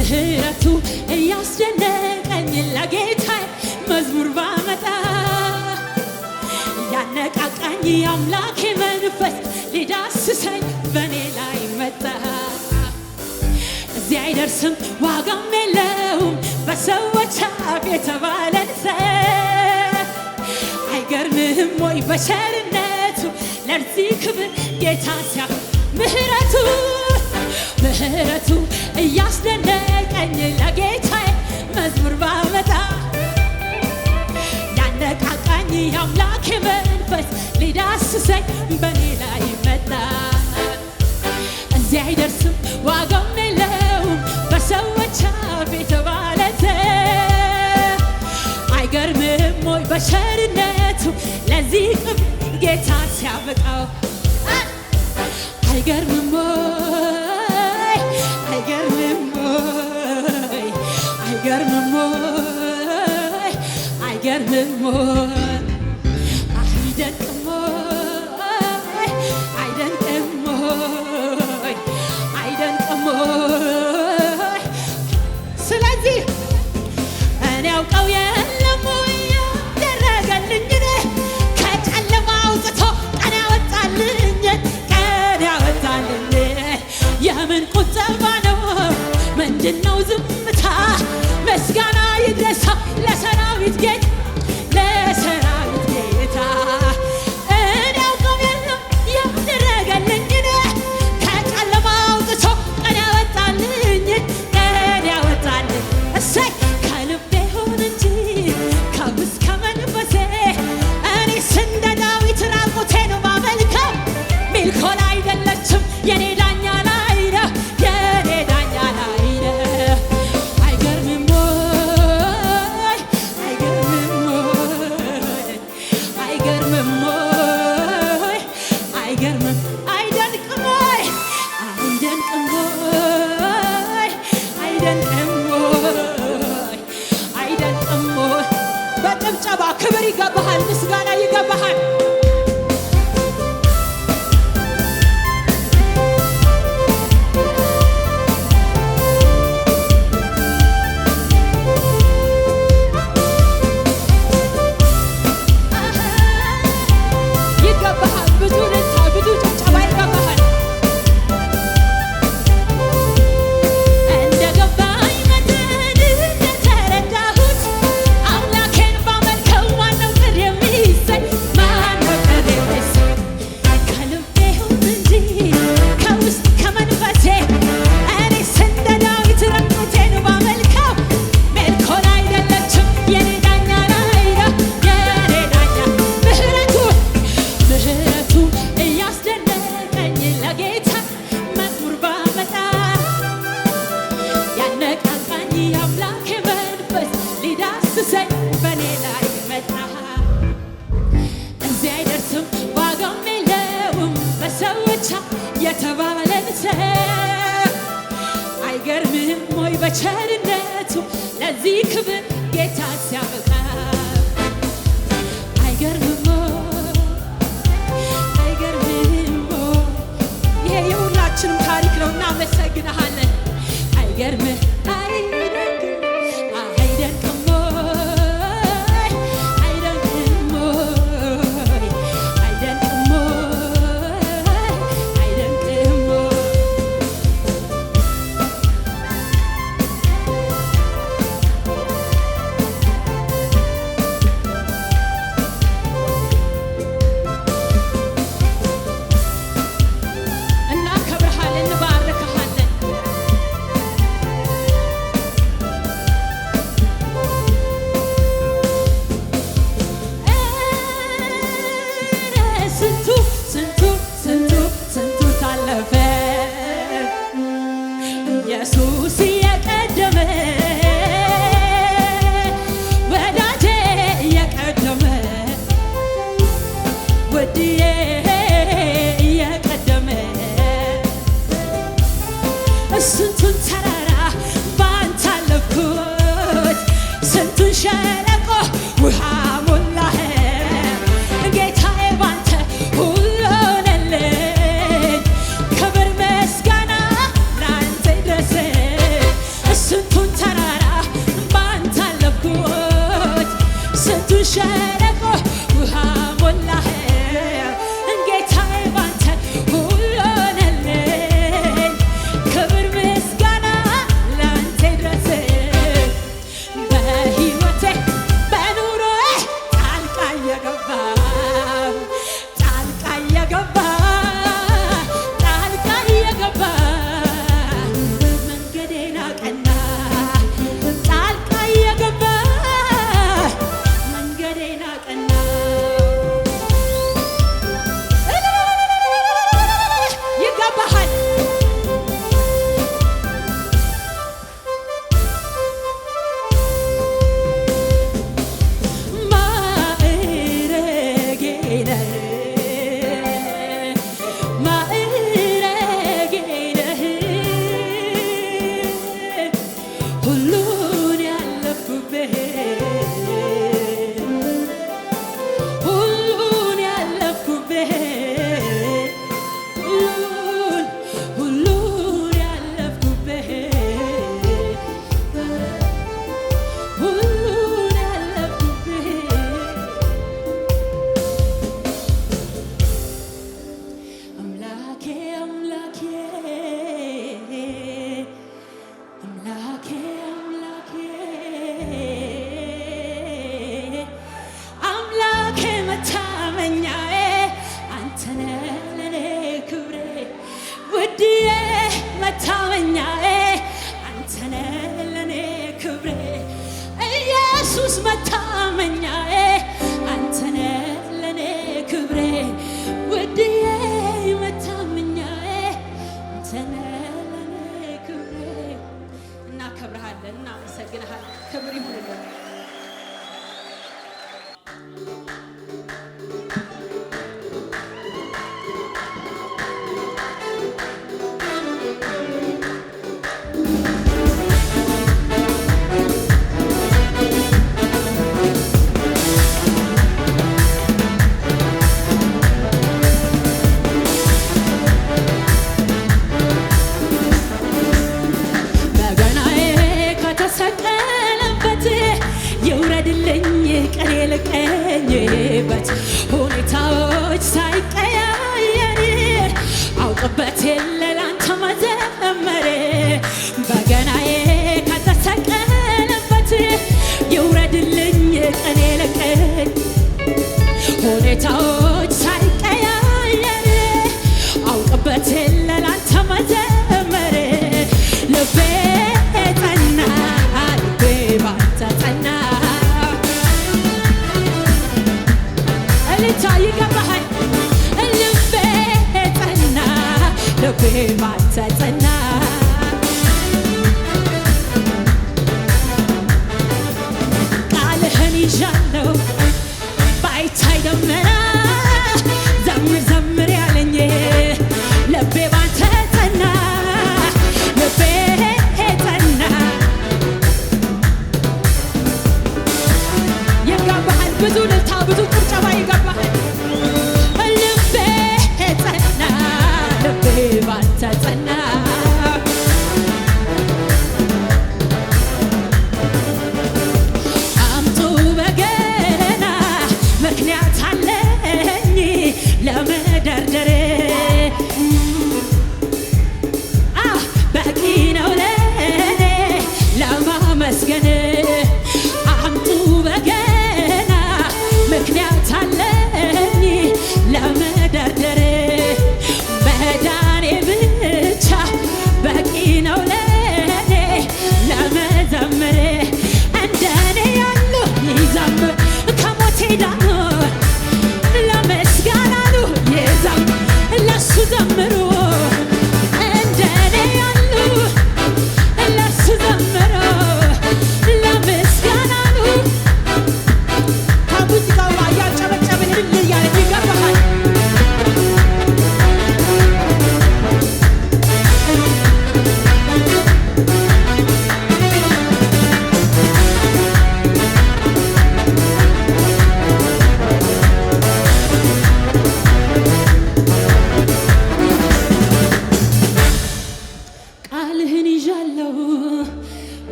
ምህረቱ እያስደነቀኝ ለጌታ መዝሙር ባመጣ ያነቃቃኝ የአምላኬ መንፈስ ሊዳስሰኝ በእኔ ላይ መጣ። እዚህ አይደርስም ዋጋም የለውም በሰዎች አፍ የተባለን አይገርምህም ወይ በቸርነቱ ለዚህ ክብር ጌታ ሲያ ምህረቱ ምህረቱ እያስደነ ሲለኝ ለጌታዬ መዝሙር ባመጣ ያነቃቃኝ የአምላክ መንፈስ ሊዳስሰኝ በኔ ላይ መጣ። እዚህ አይደርስም ዋጋም የለውም በሰዎች አፍ የተባለተ አይገርምም ወይ በቸርነቱ ለዚህ ቅብ ጌታ ሲያበቃው አይገርምም me more. የተባለን ሰው አይገርምህም ወይ በቸርነቱ ለዚህ ክብር ጌታ ሲያበቃ አይገርምህም ይሄ የሁላችንም ታሪክ ነው። እናመሰግንሃለን። አይገርምህ yeah. It's